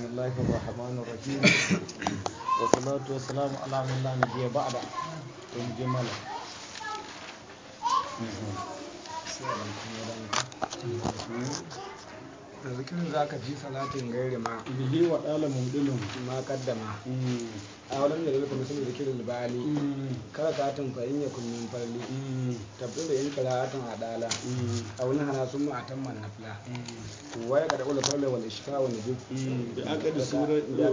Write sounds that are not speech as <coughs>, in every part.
بسم الله الرحمن الرحيم والصلاة والسلام على من لا نبي بعده ثم جمل da zikirin za ka fi salatin gairi ma bihi wa ɗala mudulun ma kaddama mm. a wurin da rubuta musulun da kirin bali mm. kada ka tun fa in ya kunnin farli mm. tabbin da in kala tun adala mm. a wani hana sun ma atan man nafla waya ka da ula farle wani ishka wani duk? da aka da sura da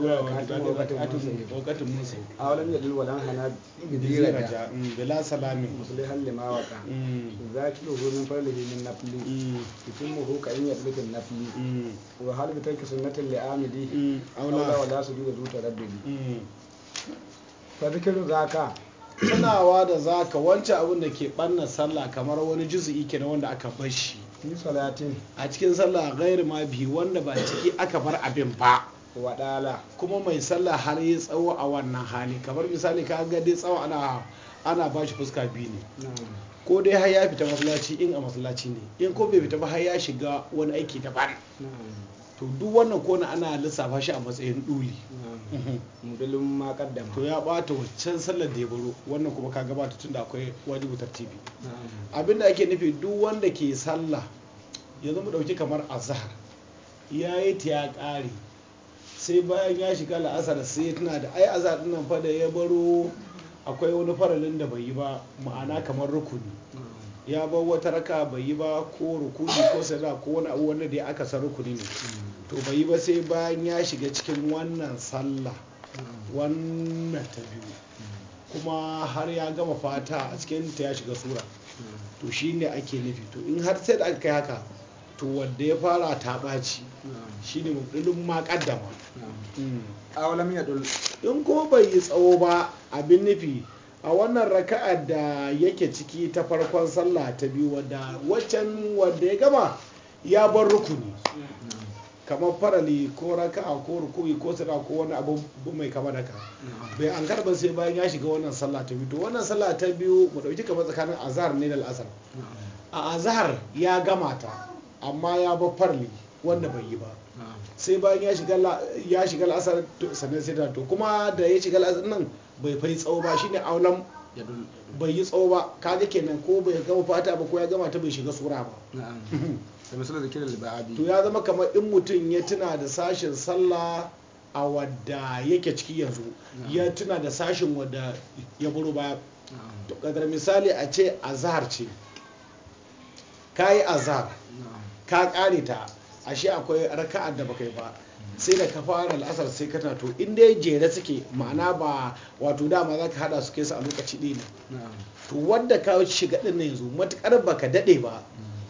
wakatun musu a wurin da dulwalan hana bidira da bila salami muslihan ma waka zaki da gurin farle min nafli cikin mu ka in ya duka nafli wa hal bi tarki sunnatin li amidi aula wala su bi da zuta rabbi fa zaka tunawa da zaka wancan abin da ke banna sallah kamar wani juzu'i ke na wanda aka bar shi a cikin sallah gairu ma bi wanda ba ciki aka bar abin ba wadala kuma mai sallah har yi tsawo a wannan hali kamar misali ka ga dai tsawo ana ana ba shi fuska biyu ne ko dai har ya fita masallaci in a masallaci ne in ko bai fita ba har ya shiga wani aiki daban to duk wannan kona ana lissafa shi a matsayin duli mudulin ma to ya bata waccan sallar da ya baro wannan kuma ka gabata tunda akwai wajibu tartibi abinda ake nufi duk wanda ke sallah ya zama dauki kamar azhar ya yi ta ya kare sai bayan ya shiga la'asar sai tana da ai azhar din nan fa da ya baro akwai wani faralin da bai yi ba ma'ana kamar rukuni ya bar wata raka bai yi ba ko rukuni ko sada ko wani abu wanda dai aka san rukuni ne to bai yi ba sai bayan ya shiga cikin wannan sallah wannan ta biyu kuma har ya gama fata a cikin ta ya shiga sura to shi ne ake nufi to in har sai da aka kai haka to wanda ya fara ta ɓaci shi ne mabdulin ma kaddama a in ko bai yi tsawo ba abin nufi a wannan raka'ar da yake ciki ta farkon sallah ta biyu wadda waccan wadda ya gama ya bar rukuni kamar farali ko raka'a ko rukuni ko sada ko wani abu mai kama da ka bai an karba sai bayan ya shiga wannan sallah ta biyu to wannan sallah ta biyu mu dauki kamar tsakanin azhar ne da al'asar a azhar ya gama ta amma ya bar farali wanda bai yi ba sai bayan ya shiga al'asar sannan sai ta to kuma da ya shiga al'asar nan bai fai tsawo ba shine aulam bai yi tsawo ba ka kaga kenan ko bai gama fata ba ko ya gama ta bai shiga sura ba to ya zama kamar in mutum ya tuna da sashen sallah a wadda yake ciki yanzu ya tuna da sashen wadda ya buru ba. to kadar misali a ce azhar ce ka yi azhar ka kare ta ashe akwai raka'ar da baka yi ba sai da ka fara al'asar sai ka to in dai jere suke ma'ana ba wato dama za ka hada su kai su a lokaci ɗaya to wadda ka shiga ɗin yanzu matukar ba ka daɗe ba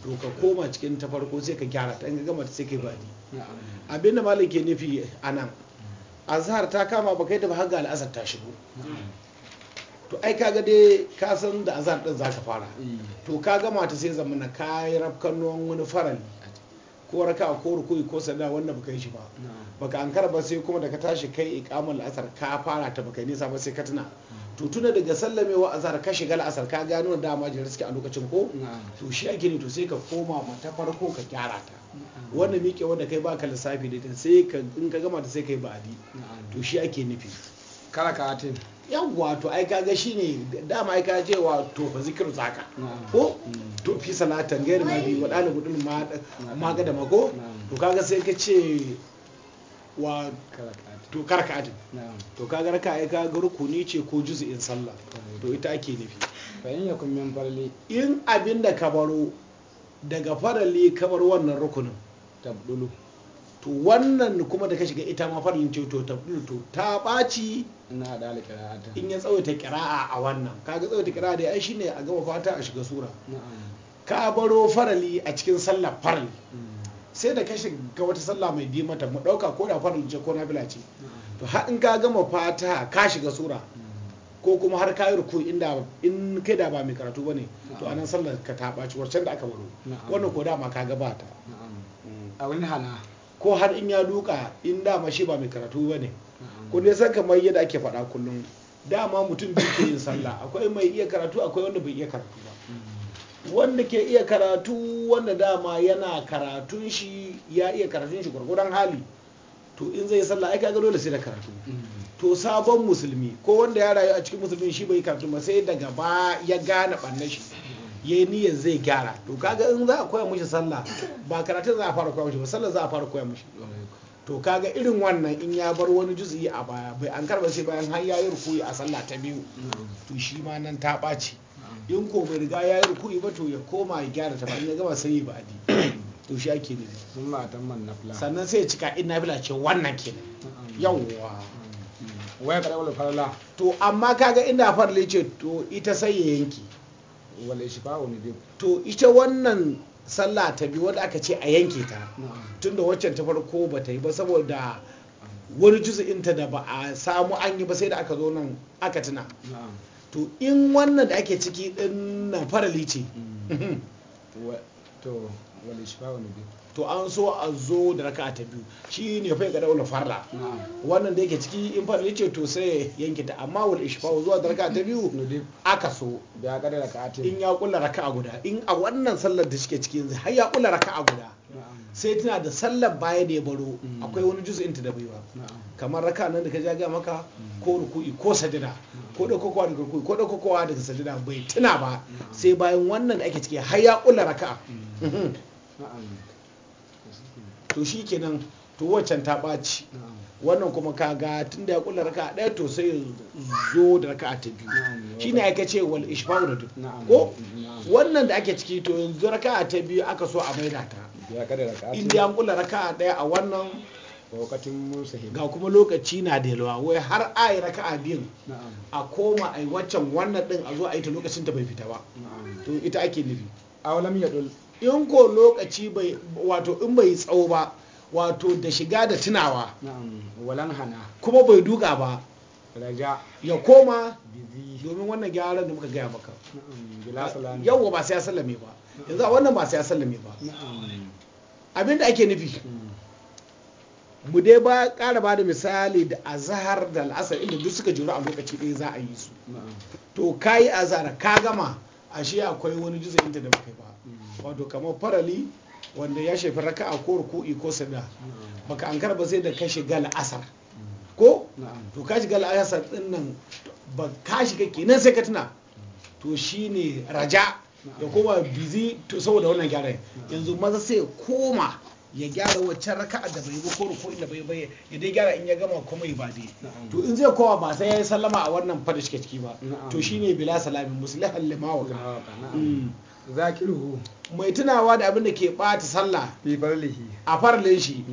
to ka koma cikin ta farko sai ka gyara ta in gama sai kai baɗi abin da malam ke nufi a nan azhar ta kama ba kai da ba al'asar ta shigo to ai ga dai ka san da azhar ɗin za ka fara eh. to ka gama ta sai zamana ka yi rafkan wani farali ko raka ko rukuyi ko sanda wannan baka yi shi ba baka ankara ba sai kuma da ka tashi kai iqamul asar ka fara ta baka nisa ba sai ka tuna to tuna daga sallamewa azhar ka shiga al'asar ka gano da dama jin riski a lokacin ko to shi ake ne to sai ka koma ma ta farko ka gyara ta wannan mike wanda kai baka lissafi da ita sai ka in ka gama da sai kai ba'adi to shi ake nufi kala katin yawwa to ai kaga shine dama ai kaga cewa to fa zikiru zaka mm. ko mm. to fi salatan gairi ma bi wa gudun ma mm. ma ga da mako to kaga sai ka ce wa to karakatin to kaga raka ai kaga rukuni ce ko juz'in sallah to ita ake nufi bayan ya yakun min farli in abinda ka baro daga farali kamar wannan rukunin tabdulu to wannan kuma da ka shiga ita ma farin ce to to ta ɓaci in ya ta kira'a a wannan kaga ta ƙira'a da ai shine a gama fata a shiga sura ka baro farali a cikin sallar farali mm. sai da ka shiga wata sallah mai bi mata mu ɗauka ko da farin ce ko nafila ce to har ka gama fata ka shiga sura mm. ko kuma har yi ruku inda in kai da ba mai karatu ba ne. to a nan sallar ka ta baci wancan da aka baro wannan ko dama ka gabata mm. a wani hala ko har in ya duka in dama shi ba mai karatu ba ne ko dai san kamar yadda ake faɗa kullum dama mutum biyu ke yin sallah akwai mai iya karatu akwai wanda bai iya karatu ba wanda ke iya karatu wanda dama yana karatun shi ya iya karatun shi gwargwadon hali to in zai sallah ai kaga dole sai da karatu to sabon musulmi ko wanda ya rayu a cikin musulmi shi bai karatu ba sai daga ba ya gane ɓannan shi ya yi niyyar zai gyara to kaga in za a koya mushi sallah ba karatun za a fara koya mushi ba sallah za a fara koya mushi to kaga irin wannan in ya bar wani juz'i a baya bai an karba sai bayan har yayi rukuyi a sallah ta biyu to shi ma nan ta ɓaci in ko bai riga yayi rukuyi ba to ya koma ya gyara ta ba in ya gama sai ya ba'adi to shi ake nufi sannan sai ya cika in nafila ce wannan kenan yawwa waya kada wala farla to amma kaga inda farle ce to ita sai ya yanki ba wani dai to ita wannan sallah ta biyu wadda aka ce a yanke ta tunda waccan ta farko ba ta yi ba saboda wani juzu'in ta da ba a samu an yi ba sai da aka zo nan aka tuna to in wannan da ake ciki din na farali ce mm. <laughs> to ba wani to an so a zo da raka ta biyu shi ne fai ga daula farla wannan da yake ciki in fara yace to sai yanke ta amma wal ishfa zuwa da raka ta biyu aka so ya ga da raka ta in ya kula raka a guda in a wannan sallar da shike ciki yanzu har ya kula raka a guda sai tana da sallar baya da ya baro mm. akwai wani juz'in ta da baiwa kamar raka nan da ka ja maka mm. ko ruku'i ko sajida ko kokowa daga ruku'i ko kokowa daga sajida bai tuna ba sai bayan wannan da ake ciki har ya kula raka'a mm. <laughs> to shi kenan to waccan ta ɓaci wannan kuma ga tun da ya kula raka ɗaya to sai zo da raka ta biyu shi ne aka ce wal ishfa'u da duk ko wannan da ake ciki to yanzu raka ta biyu aka so a maida ta inda ya kula raka ɗaya a wannan ga kuma lokaci na da yalwa wai har a yi raka a biyun a koma a yi waccan wannan ɗin a zo a yi ta lokacin ta bai fita ba to ita ake nufi a walam ya in ko lokaci bai wato in bai tsawo ba wato da shiga da tunawa walan hana kuma bai duka ba raja ya koma domin wannan gyaran da muka gaya maka yawwa ba sai ya sallame ba yanzu a wannan ba sai ya sallame ba abinda ake nufi mm. mu dai ba ƙara ba da misali da azahar da al'asar inda duk suka jura a lokaci ɗaya za a yi su to ka yi zara ka gama ashe akwai wani juzayin da muka yi ba wato kamar farali wanda ya shafi raka'a ko ruku'i ko sada baka an karba sai da kashi shiga la'asar ko to kashi shiga la'asar din nan ba kashi kake nan sai ka tuna to shine raja ya koma bizi saboda wannan gyara yanzu maza sai koma ya gyara waccan raka'a da bai ba ko ruku'i da bai bai ya dai gyara in ya gama kuma ya bade to in zai koma ba sai ya yi sallama a wannan fada ciki ba to shine bila salamin muslihan limawa zakiruhu mai tunawa da abin da ke bata sallah a farlin shi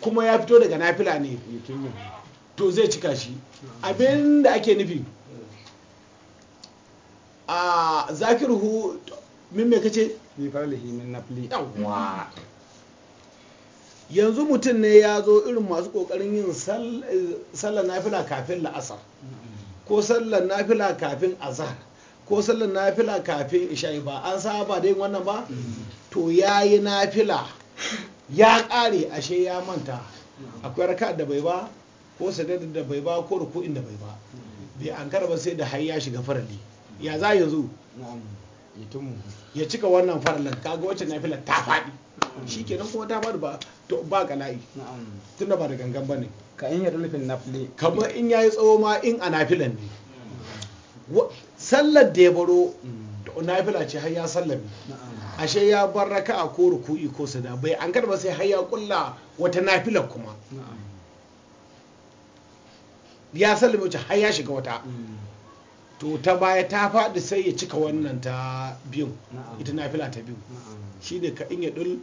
kuma ya fito daga nafila ne to zai cika shi abin da ake nufi a zakiruhu min mai kace yanzu mutum ne ya zo irin masu kokarin yin eh, sallar nafila kafin la'asar ko sallar nafila kafin azhar ko sallar nafila kafin isha'i ba an saba da yin wannan ba to ya yi nafila ya ƙare ashe ya manta akwai raka da bai ba ko sadadin da bai ba ko ruku'in da bai ba bai an ba sai da hayya ya shiga farali ya za ya zo ya cika wannan farallin kaga wacce nafila ta faɗi shi kenan kuma ta faɗi ba to ba gala'i tunda ba da gangan ba ne ka in yi rufin nafile kamar in ya yi tsawo ma in a nafilan ne sallar da ya baro na fila ce har ya sallami ashe ya bar a ko ruku'i ko sada bai an karba sai har ya kulla wata nafila kuma ya sallami wacce har ya shiga wata mm. to ta baya ta faɗi sai ya cika wannan ta biyu. ita nafila ta biyu shi ne ka inye dul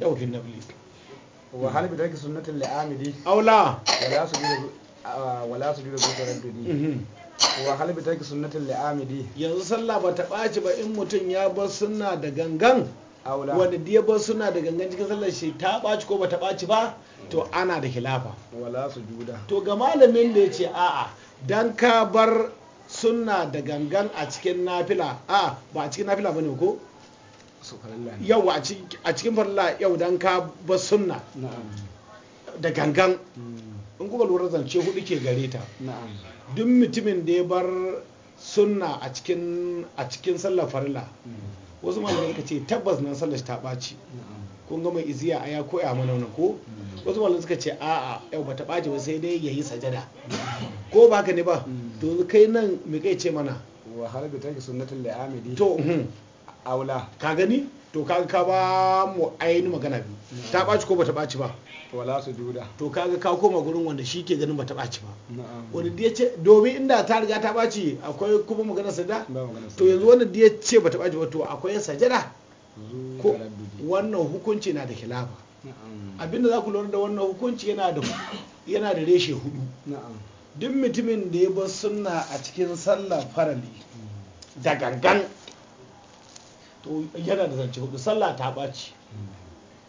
yau fin nafli wa hal bidarki sunnatul la'amidi aula wala su uh, wala da bi da wa bi taki sunnatul li'amidi yanzu sallah ba ta ɓaci ba in mutum ya bar suna da gangan wanda diya bar suna da gangan cikin sallar shi ta ɓaci ko ba ta ɓaci ba to ana da khilafa wala su juda to ga malamin da ya ce a'a dan ka bar suna da gangan a cikin nafila a ba a cikin nafila bane ko yau a cikin farla yau dan ka bar suna. da gangan mm. in kuma lura zance hudu ke gare ta duk mutumin da ya bar sunna a cikin sallar farila mm. wasu malamai suka ce tabbas nan sallar ta ɓaci kun ga mai iziya a ya koya mana wani ko mm. wasu malamai suka ce a'a yau bata ɓaci ba sai dai ya yi sajada mm. ko ba ka ne ba to kai nan me kai ce mana wa halabi ta sunnatul li'amidi to hmm. aula ka gani to kaga ka ba mu ainihin magana biyu ta ɓaci ko bata ɓaci ba wala su duda to kaga ka koma gurin wanda shi ke ganin bata ɓaci ba wani da ce domin inda ta riga ta ɓaci akwai kuma magana sada to yanzu wani da ya ce bata ɓaci ba to akwai sajada ko wannan hukunci na da khilafa abinda za ku lura da wannan hukunci yana da yana da reshe hudu duk mutumin da ya bar sunna a cikin sallah farali da gangan to yana da zance hudu sallah ta ɓaci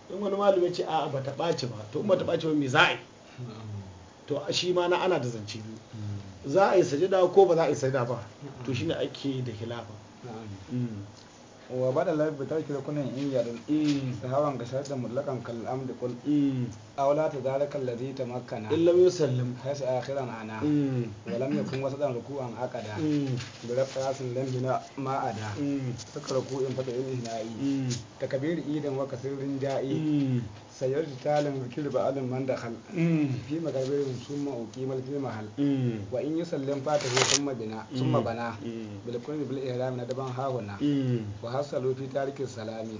hmm. in wani malum ya ce a'a ba ta ɓaci ba to ba ta ɓaci ba me za a yi hmm. to shi ma na ana da zance biyu hmm. za a yi sajida ko ba za a yi sajida ba to shi ne ake da khilafa wa bada lafi laifin tarki da kunan in yarin hawan ga mulakan kalam kal amdi A awla ta zara zalika allazi tamakkana illa lamya hasa wasu ana ruku wasu yakun da. ruku'an aqada bi rafasin lam bina ma'ada saka in fata yin ta Kabiru idan waka sirrin da'i sayar da talin wakil ba alin man hal mm. fi magarbe sun ma uki mal fi mm. wa in yi sallin fata ko sun madina sun mabana mm. bil kulli bil ihram na daban hahuna wa hasalu fi tarikin salami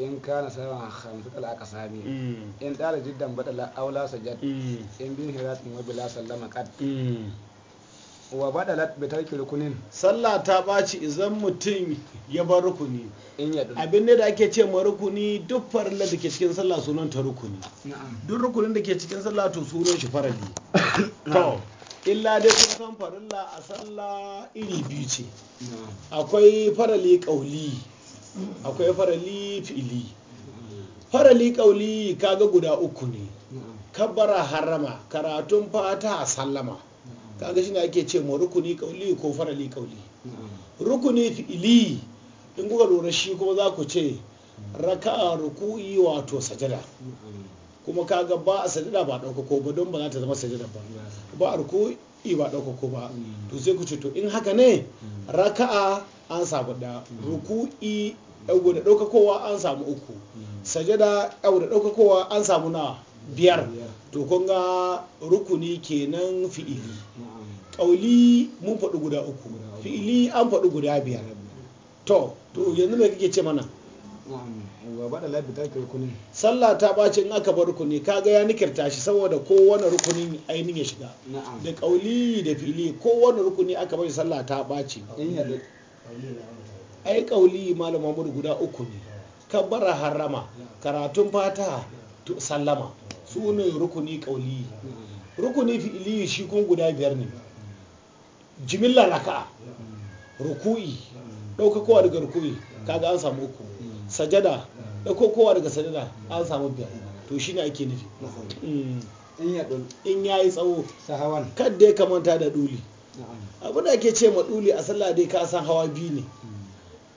in kana hamsu kala aka sami in tsara jiddan badala aula sajad in bin hiratin wa bila sallama kat wa badalat bi ke rukunin sallah ta baci idan mutum ya bar rukuni abin ne da ake ce ma rukuni duk farilla da ke cikin sallah sunan ta rukuni duk rukunin da ke cikin sallah to sunan shi farali <coughs> to illa dai kun san farilla a sallah iri biyu ce akwai farali kauli akwai farali fi'ili farali kauli kaga guda uku ne kabbara harama karatun fata sallama kaga shi ne ake ce ma rukuni kauli ko farali kauli rukuni fi'ili in kuka lura shi kuma za ku ce raka'a ruku'i wato sajada kuma kaga ba a sajada ba ɗaukako ba don ba za ta zama sajada ba ba a ruku'i ba ɗaukako ba mm. to sai ku ce to in haka ne mm. raka'a an samu ɗaya mm. ruku'i yau da ɗaukakowa an samu uku sajada yau da ɗaukakowa an samu nawa biyar to kun ga rukuni kenan fi'ili ƙauli mun faɗi guda uku fi'ili an faɗi guda biyar to to yanzu mai kake ce mana sallah ta ɓaci in aka bar rukuni kaga ya nikirta shi saboda kowane rukunin ainihin ya shiga da ƙauli da fili kowane rukuni aka bar sallah ta ɓaci ai ƙauli malama mamur guda uku ne Ka bara harama, karatun fata sallama Sunan rukuni kauli rukuni fi'ili shi kun guda biyar ne jimilla raka'a ruku'i ɗaukakowa daga ruku'i kaga an samu uku sajada ɗaukakowa daga sajada an samu biyar to shi ne ake nufi in ya yi tsawo kadda ya kamanta da duli abin da ake ce ma duli a sallah dai ka san hawa biyu ne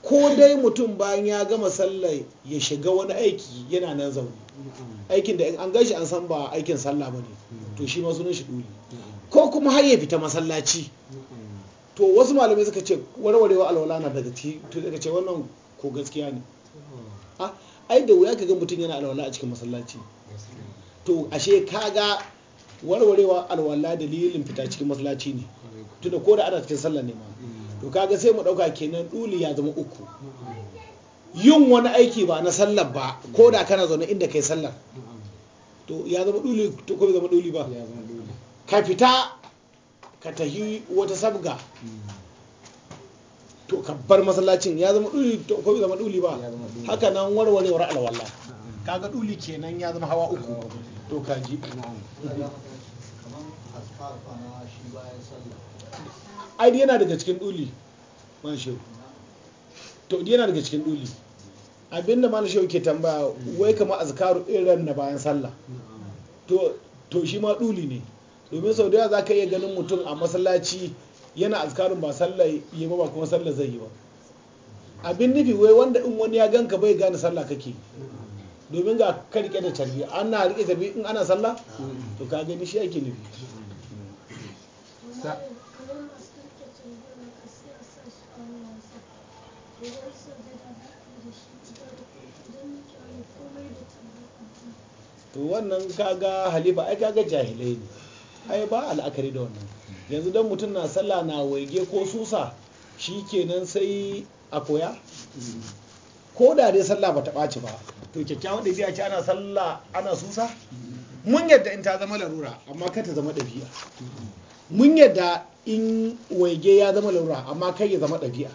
ko dai mutum bayan ya gama sallah ya shiga wani aiki yana nan zaune aikin da an gashi an san ba aikin sallah ba ne to shi ma sunan shi ko kuma har ya fita masallaci to wasu malamai suka ce warwarewa alwala na daga ci to daga ce wannan ko gaskiya ne ah, ai da wuya ka ga mutum yana alwala a cikin masallaci to ashe ka ga warwarewa alwala dalilin fita cikin masallaci ne tunda ko da ana cikin sallah ne ma to kaga sai mu ɗauka kenan ɗuli ya zama uku yin wani aiki ba na sallar ba ko da kana zaune inda kai sallar to ya zama ɗuli to ko zama ɗuli ba ka fita ka tahi wata sabga to ka bar masallacin ya zama ɗuli to ko zama ɗuli ba haka nan warwarewar alwala kaga ɗuli kenan ya zama hawa uku to kaji kamar asfar na shi bayan sallar ai yana daga cikin duli man shehu to yana daga cikin duli abinda man shehu ke tambaya wai kama azkaru irin na bayan sallah to to shi ma duli ne domin sau da yawa za ka iya ganin mutum a masallaci yana azkarun ba sallah yi ba ba kuma sallah zai yi ba abin nufi wai wanda in wani ya ganka bai gane sallah kake domin ga ka rike da tarbi ana rike tarbi in ana sallah to ka gani shi ake nufi to wannan kaga halifa ai kaga jahilai ne ai ba al'akari da wannan yanzu don mutum na sallah na waige ko susa shi kenan sai a koya ko da dai sallah ba ta ɓaci ba to kyakkyawan ɗabi'a ce ana sallah ana susa mun yadda in ta zama larura amma kai ta zama ɗabi'a mun yadda in waige ya zama larura amma kai ya zama ɗabi'a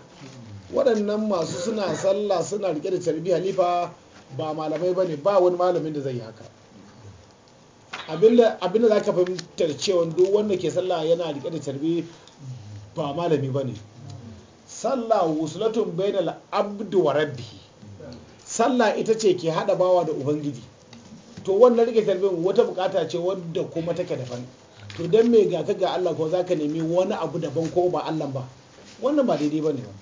waɗannan masu suna sallah suna rike da carbi halifa ba malamai ba ne ba wani malamin da zai yi haka abinda za ka fahimtar cewa duk wanda ke sallah yana rike da tarbi ba malami ba ne sallah wusulatun bainal abdu wa rabbi sallah ita ce ke hada bawa da ubangiji to wannan rike tarbin wata bukata ce wadda kuma take daban to dan me ga ka ga Allah ko zaka nemi wani abu daban ko ba Allah ba wannan ba daidai bane ba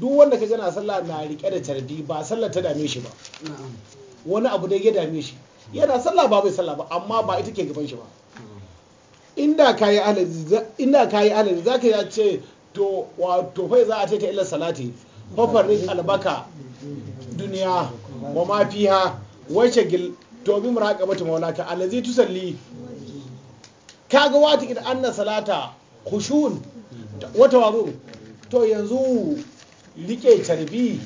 duk wanda ka na sallah na rike da tarbi ba sallah ta dame shi ba wani abu dai ya dame shi yana sallah ba bai sallah ba amma ba ita ke gaban shi ba inda kayi alaji za ka yi ce to wato fai za a ce ta ilar salati fafarin albaka duniya wa ma fiha wace gil to bi muraqabatu maulaka salli. Ka ga wata ita anna salata khushun wata wazo to yanzu rike carbi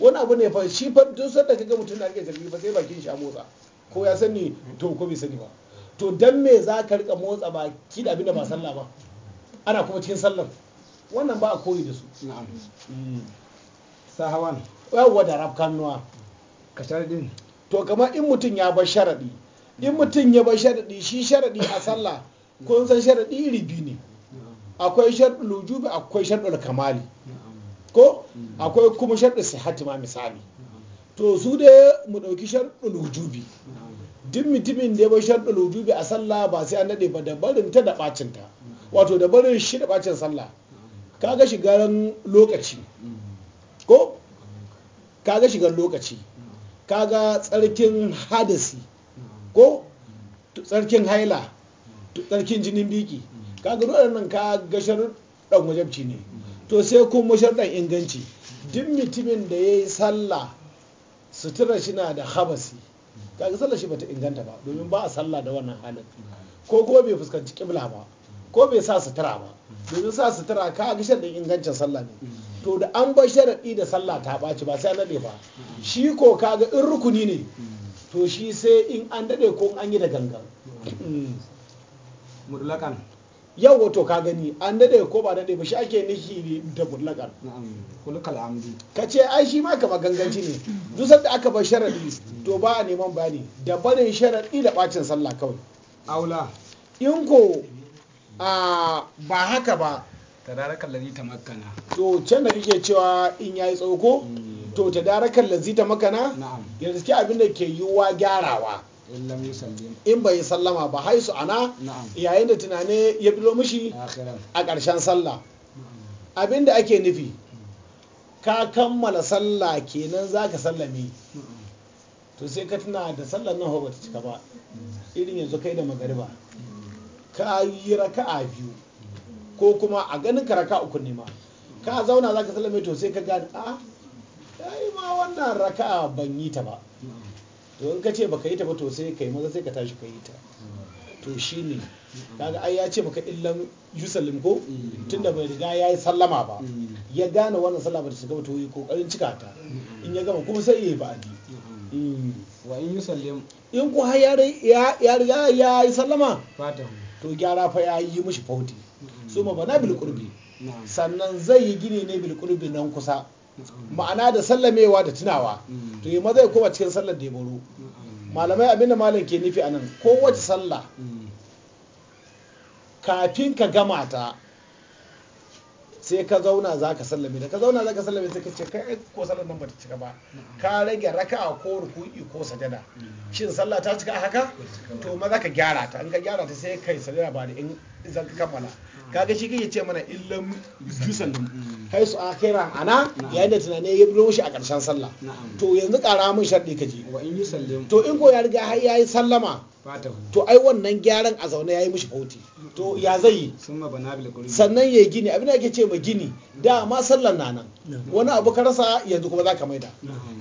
wani abu ne fa shi fa duk sanda kaga mutum na rike tarbi fa sai bakin shi a motsa ko ya sani to ko bai sani ba to dan me za ka rika motsa ba ki da abinda ba sallah ba ana kuma cikin sallar wannan ba a koyi da su mm. sahawan yawwa da rafkanuwa ka sharadin to kamar in mutum ya bar sharadi in mutum ya bar sharadi shi sharadi a sallah kun san sharadi iri biyu ne akwai sharadi lujubi akwai sharadi kamali ko mm. akwai kuma sharadi sihhati ma misali to su dai mu dauki sharadi lujubi duk mutumin da ya bar sharɗin bi a sallah ba sai an daɗe ba da barin ta da ɓacin ta wato da barin shi da ɓacin sallah kaga shigaran lokaci ko kaga shigar lokaci kaga tsarkin hadasi ko tsarkin haila tsarkin jinin biki kaga nan ka ga ɗan wajabci ne to sai kuma ɗan inganci duk mutumin da ya yi sallah sutura shi na da habasi kaga sallar shi bata inganta ba domin ba a sallah da wannan halin ko ko bai fuskanci kibla ba ko bai sa sutura ba domin sa sutura ka ga shan ingancin sallah ne to da an bar sharadi da sallah ta baci ba sai an daɗe ba shi ko kaga in rukuni ne to shi sai in an dade ko an yi da gangan mutlakan yau wato ka gani an dade ko ba dade ba shi ake niki da mutlakar kulkal amdi ka ce ai shi ma kama ganganci ne duk sanda aka bar sharadi to ba a neman bayani. da barin sharadi da bacin sallah kawai aula in ko a ba haka ba lazi ta makana. to can da kike cewa in yayi tsoko mm. to tadarakal ta ta na'am gaskiya abin da ke yiwuwa gyarawa in bai sallama ba haisu ana yayin da tunane ya bilo mishi a ƙarshen sallah abinda ake nufi ka kammala sallah kenan za ka sallame to sai ka tuna da sallar nan ba ta cika ba irin yanzu kai da magariba ka yi raka'a biyu ko kuma a ganin ka raka uku ne ka zauna za ka sallame to sai ka gane a ah, ma wannan raka'a ban yi ta ba to in ka ce baka yi ta ba to sai kai maza sai ka tashi ka yi ta to shi ne kaga ai ya ce ka illan yusallim ko tunda bai riga ya yi sallama ba ya gane wannan sallama da shiga to yi kokarin cika ta in ya gama kuma sai ya yi ba'adi mm. wa in yusallim in ko har ya riga ya yi sallama to gyara fa ya yi mishi fauti so ma bana bilkurbi. sannan zai yi gine ne bilkurbi nan kusa ma'ana da sallamewa da tunawa mm. to yi maza koma cikin sallar da ya baro mm. malamai abin da malam ke nufi a nan kowace sallah mm. kafin ka gama ta sai ka zauna za ka sallame da ka zauna za ka sallame sai ka ce kai ko sallar nan ba ta cika ba ka rage raka a ko ruku'i ko sadada. shin sallah ta cika haka to maza ka gyara ta in ka gyara ta sai kai sajada ba da in zan kammala kaga shi kake ce mana jusan yusallim mm. kai su akhira ana yayin da tunane ya bulo shi a karshen sallah to yanzu kara mun sharɗi kaje. wa in yusallim to in ko ya riga har yayi sallama to ai wannan gyaran a zaune yayi mishi bauti. to ya zai sannan ya gini abin da ake ce ma gini da ma sallan na nan wani abu ka rasa yanzu kuma zaka ka maida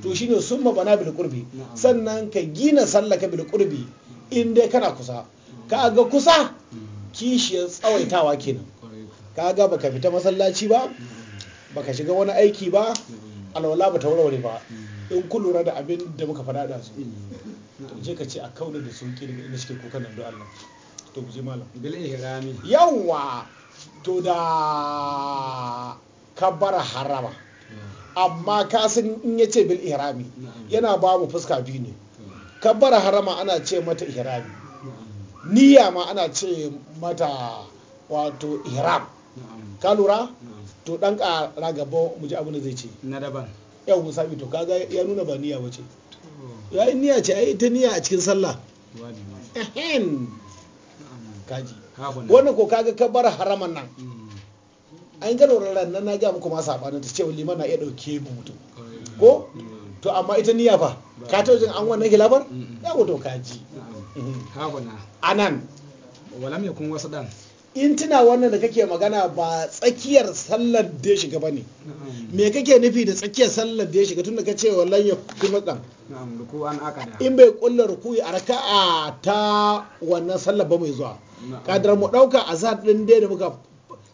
to shine summa bana bil qurbi sannan ka gina sallaka bil qurbi in dai kana kusa ka ga kusa mm. kishiyar tsawaitawa kenan ka ga baka fita masallaci ba baka shiga wani aiki ba alwala ba ta ba in ku lura da abin da muka faɗa da su to je ka ce a kauna da sauki daga inda suke kukan nan don Allah to ku je malam bil ihrami yawa to da kabbara harama amma ka san in ya ce bil ihrami yana ba mu fuska biyu ne kabbara harama ana ce mata ihrami niyya ma ana ce mata wato Iram. ka lura to dan ƙara gaba mu ji abin da zai ce na daban yau mu sami to kaga ya nuna ba niyya wace ya yi niyya ce ai ta niyya a cikin sallah ehem kaji wannan ko kaga ka bar haraman nan mm. an gano lura nan na ga muku ma sabanin ta cewa liman na iya dauke mu mutum ko to amma ita niyya fa ka ta wajen an wannan hilabar ya wato kaji Mhm. anan walam in tuna wannan da kake magana ba tsakiyar sallar da ya shiga ba ne me kake nufi da tsakiyar sallar da ya shiga tun da ka ce ya kuma dan in bai ƙulla rukuyi a raka'a ta wannan sallar ba mai zuwa kadar mu dauka azhar din dai da muka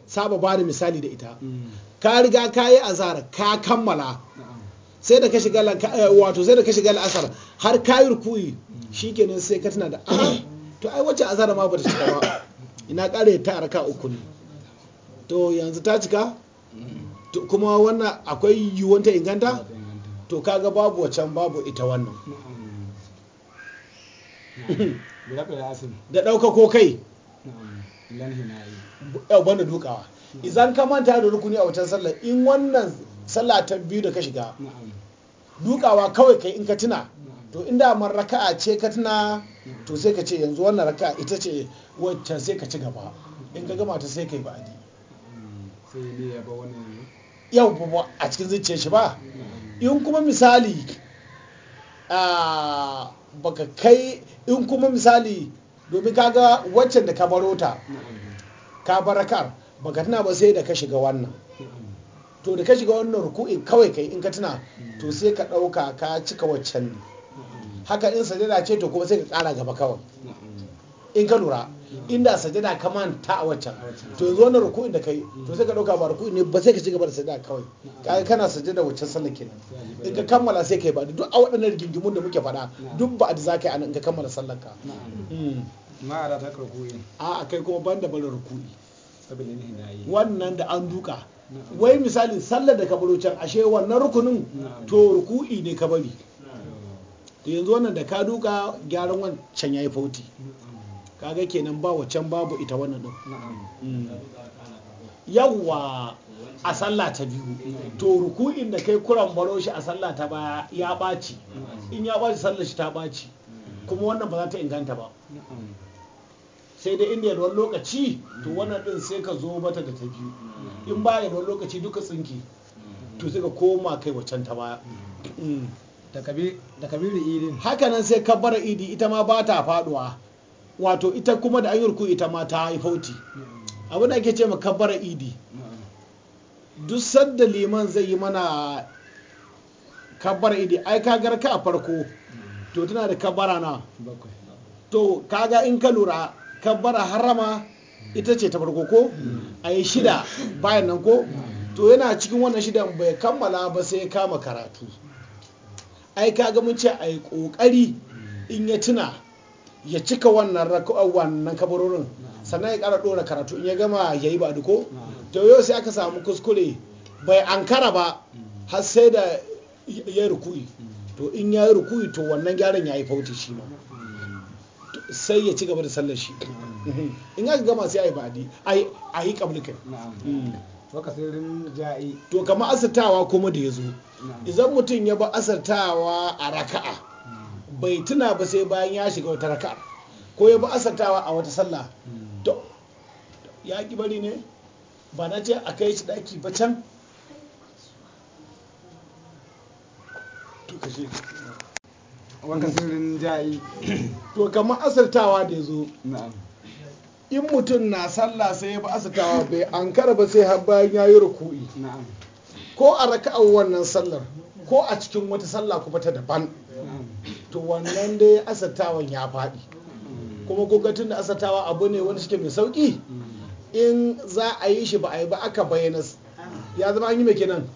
saba ba da misali da ita mm. ka riga ka yi azara, ka kammala sai da ka shiga eh, wato sai da ka shiga al'asar har kayi rukuyi shikenan sai ka tana da to ai wacce azara ma bata cika ba ina kare ta arka uku ne to yanzu ta cika to kuma wannan akwai yiwuwar ta inganta to kaga babu wacan babu ita wannan da ɗauka ko kai yau banda dukawa idan ka manta da rukuni a wacan sallar in wannan sallah ta biyu da ka shiga dukawa kawai kai in ka tuna to inda man raka'a ce ka tuna to sai ka ce yanzu wannan raka'a ita ce wacce sai ka ci gaba in ka gama ta sai kai yi ba mm, wannan yau ba a cikin zuciyar shi ba in kuma misali baka kai in kuma misali domin kaga waccan da ka baro ta ka barakar baka tuna ba sai da ka shiga wannan to da ka shiga wannan ruku'in kawai kai in ka tuna to mm. sai ka ɗauka ka cika waccan mm. haka in sajada ce to kuma sai ka ƙara gaba kawai mm. in ka lura inda sajada ka manta a waccan to yanzu wannan ruku'in da kai to sai ka ɗauka ba ruku'in ne ba sai ka cigaba da sajada kawai kaga kana sajada waccan sallah kenan in ka kammala sai kai ba duk a waɗannan rigingimun da muke faɗa duk ba da zaka yi anan in ka kammala sallar ka ma'ara ta ruku'i a kai kuma ban da ban ruku'i wannan da an duka wai misali sallar da ka baro can ashe wannan rukunin to ruku'i ne ka bari to yanzu wannan da ka duka gyaran wancan ya yi fauti kaga kenan ba wacan babu ita wannan din mm. yawwa a sallah ta biyu to ruku'in da kai kuran baro shi a sallah ta baya ya ɓaci in ya ɓaci sallar shi ta ɓaci kuma wannan ba za ta inganta ba sai dai inda yalwar lokaci to mm. wannan din sai ka zo bata da ta biyu in ya da lokaci duka tsinki to sai ka koma kai waccan ta baya mm. da kabiru idin hakanan sai kabbara idi ita ma ba ta faduwa wato ita kuma da ayyurku ita ma ta haifauti mm. Abu da ake ce ma kabbara idi mm. duk sadda liman zai yi mana kabbara idi ai ka garka a farko to tana da kabbara na to kaga in ka lura kabbara harama ita ce ta farko ko a yi shida bayan nan ko to yana cikin wannan shidan bai kammala ba sai ya kama karatu ai kaga mun ce a yi in ya tuna ya cika wannan wannan kabarorin sannan ya kara ɗora karatu in ya gama ya yi ba duko to yau sai aka samu kuskure bai ankara ba har sai da ya rukui to in ya rukui to wannan gyaran ya yi fauti shi ma sai ya ci gaba da sallar shi in aka gama sai ayi ba'adi ayi ayi kabli kai mm. to kamar asartawa kuma da ya zo idan mutum ya ba asartawa a raka'a mm. bai tuna ba sai bayan ya shiga wata raka'a ko ya ba asartawa a wata sallah mm. to ya ki bari ne ba na ce a kai shi daki ba can to kashe wanda mm. jayi <coughs> to kamar asirtawa da ya zo in mutum na sallah sai ya ba asirtawa bai an ba sai har bayan ya yi ruku'i ko a raka'ar wannan sallar ko a cikin wata sallah kuma bata daban to wannan dai asirtawan ya faɗi mm. kuma kogatun da asirtawa abu ne wani suke mai sauƙi mm. in za a yi shi ba a yi ba aka bayyana ya zama an yi mai kenan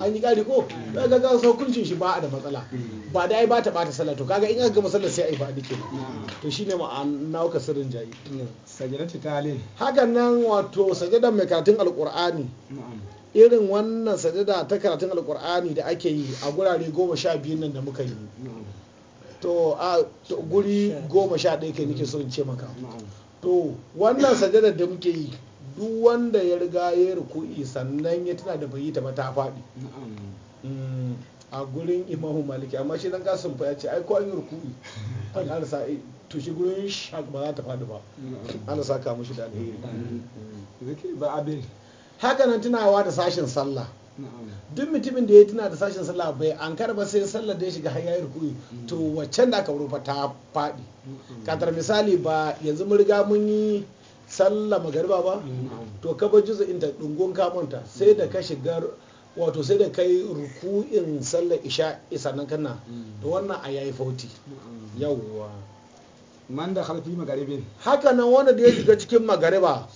an yi ƙari ko daga ga hukuncin shi ba a da matsala ba da ai ba ta bata sallah to kaga in aka gama sallah sai ai ba ke to shine ma'ana ka sirrin jayi sajadatu talil hakan nan wato sajadan mai karatun alqur'ani irin wannan sajada ta karatun alqur'ani da ake yi a gurare goma sha biyun nan da muka yi to a guri goma sha ɗaya kai nake so in ce maka to wannan sajada da muke yi duk wanda ya riga ya ruku'i sannan ya tana da bayyita ba ta faɗi a gurin imamu maliki amma shi dan kasim fa ya ce ai ko an yi rukuni <laughs> an arsa eh, to shi gurin shak ba za ta faɗi ba ana saka mushi da alheri haka nan tunawa da sashen sallah duk mutumin da ya tuna da sashen sallah bai an karba sai sallah da ya shiga hanyar rukuni to mm. waccan da aka rufa ta faɗi katar misali ba yanzu mun riga mun yi sallah magariba ba to ka bar juzu'in dungun kamunta sai da ka shiga wato sai da kai ruku'in sallar isha nan kana to wannan a yayi fauti yawwa man da harfi magaribin haka nan wanda da ya shiga cikin magariba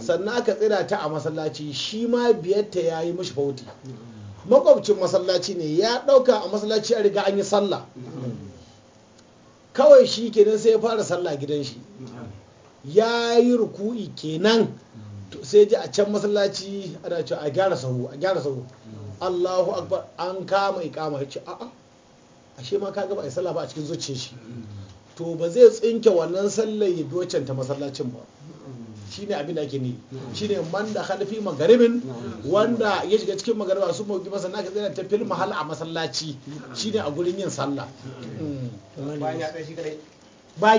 sannan aka tsira ta a masallaci shi ma biyar ta yayi mashi fauti makwabcin masallaci ne ya ɗauka a masallaci a riga an yi sallah kawai shi kenan sai ya fara sallah gidan shi ya yi ruku'i kenan sai ji a can masallaci ana cewa a gyara sahu a gyara sahu Allahu akbar an kama ikama ya ce a'a shi ma kaga ba a yi sallah ba a cikin zuciya shi to ba zai tsinke wannan sallar ya bi waccan ta masallacin ba Shi ne abin da ake ni ne man da khalfi magaribin wanda ya shiga cikin magariba su mawuki masa na ka zai ta fil mahal a masallaci Shi ne a gurin yin sallah mm. bayan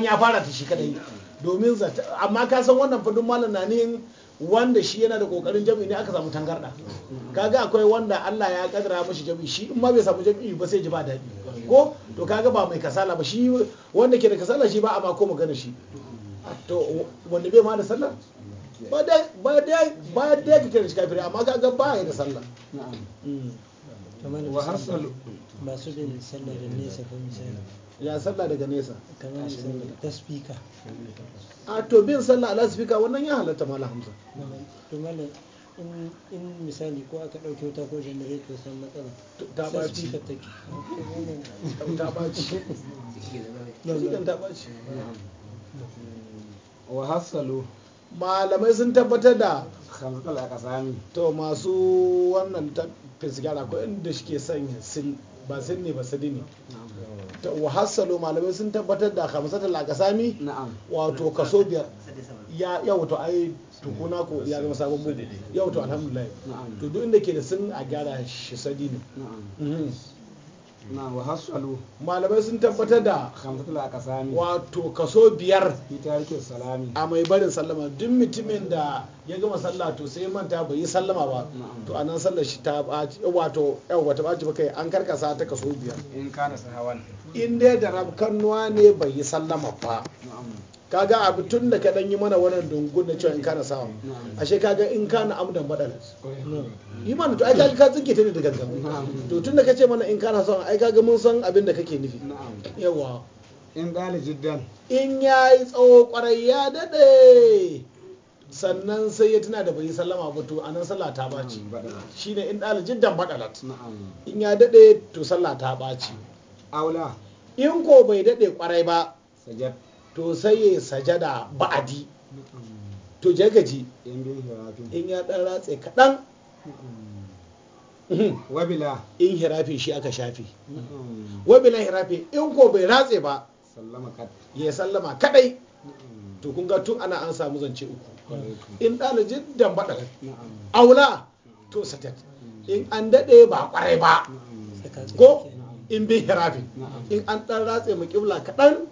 ya fara ta shi kadai domin amma ka san wannan fadin malam na ne wanda shi yana da kokarin jami'i ne aka samu tangarda kaga akwai wanda Allah ya kadara mashi jami'i shi in ma bai samu jami'i ba sai ji ba daɗi ko to kaga ba mai kasala ba shi wanda ke da kasala shi ba a ma ko magana shi to wanda bai ma da sallah ba dai ba dai ba dai ka da kafiri amma kaga ba ya da sallah na'am mm. wa hasalu masu bin sallah da nesa ko misali ya sallah daga nesa ta spika a to bin sallah ala spika wannan ya halatta mala hamza to mala in misali ko aka dauke wuta ko generator san matsala ta baci ta take ta baci ta baci wa hasalu malamai sun tabbatar da to masu wannan ta fiskara ko inda shi ke sanya sin ba sin ne ba sadi ne wa hassalu malamai sun tabbatar da satar lagasami wato kaso biyar ya ya wato ai tukuna ko ya zama sabon bude yau wato alhamdulillah to duk inda ke da sun a gyara shi sadi ne malamai sun tabbatar da wato kaso biyar a mai barin sallama duk mutumin da ya gama sallah to sai manta bai yi sallama ba to a nan sallar shi ta wato yau wata ɓaci ba kai an karkasa ta kaso biyar in kana sahawan in dai da nuwa ne bai yi sallama ba kaga abu tun da ka dan yi mana wannan dungun na cewa in kana sawa ashe kaga in kana amdan badal mana to ai kaga ka tsinke ta ne da gangan to tun da ce mana in kana sawa ai kaga mun san abin da kake nufi yawa in dali jiddan in yayi tsawo kwarai ya dade sannan sai ya tuna da bai sallama ba to anan sallah ta baci shine in dali jiddan badalat in ya dade to sallah ta baci aula in ko bai dade kwarai ba sajad to sai ya sajada ba'adi to je gaji in ya dan ratse kaɗan wabila in hirafin shi aka shafi wabila hirafin in ko bai ratse ba ya sallama kadai to kun ga tun ana an samu zance uku in ɗalibin dambaɗa aula to satat in an daɗe ba kwarai ba ko in bi hirafin in an ɗan ratse mu kibla kaɗan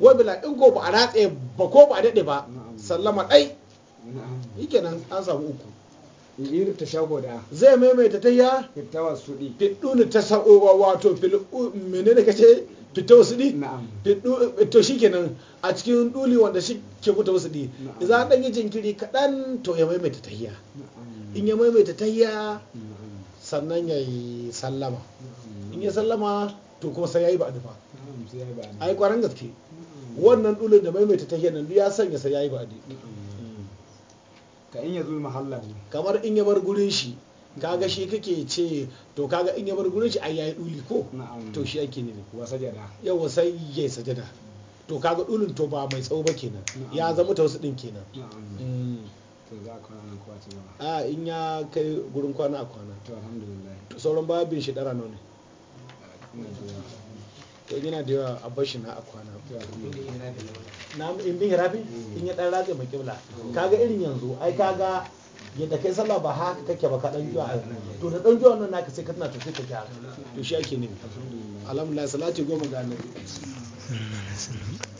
wai bila in ko ba a ratse ba ko ba a daɗe ba sallama ɗai yake nan an samu uku yiri ta shago da zai maimaita ta ya fitawa suɗi fiɗu ta sa'owa wato mene ne kace wasu ɗi? fiɗu to shikenan a cikin duli wanda shi ke ɗi? suɗi idan dan yi jinkiri kaɗan to ya maimaita ta ya in ya maimaita ta ya sannan ya yi sallama in ya sallama to kuma sai ya yi ba a ai kwaran gaske wannan dulin da maimaita ta nan ya sanya sai yi baɗi ka in ya zo ne kamar in ya bar gurin shi kaga shi kake ce to kaga in ya bar gurin shi ai yayi duli ko to shi ake ne wa sajada yawa sai ya sajada to kaga dulin to ba mai tsawo ba kenan ya zama ta din kenan mm. a in ya kai gurin kwana a kwana to alhamdulillah sauran babin shi dara ne to yana da yawa a bashi na a kwana na in bin hirafi mm. in ya dan ratse mai kibla kaga irin yanzu ai kaga yadda kai sallah ba haka kake ba ka dan juwa to da dan juwa nan naka sai ka tana to sai ka gyara to shi ake nemi alhamdulillah salati goma ga annabi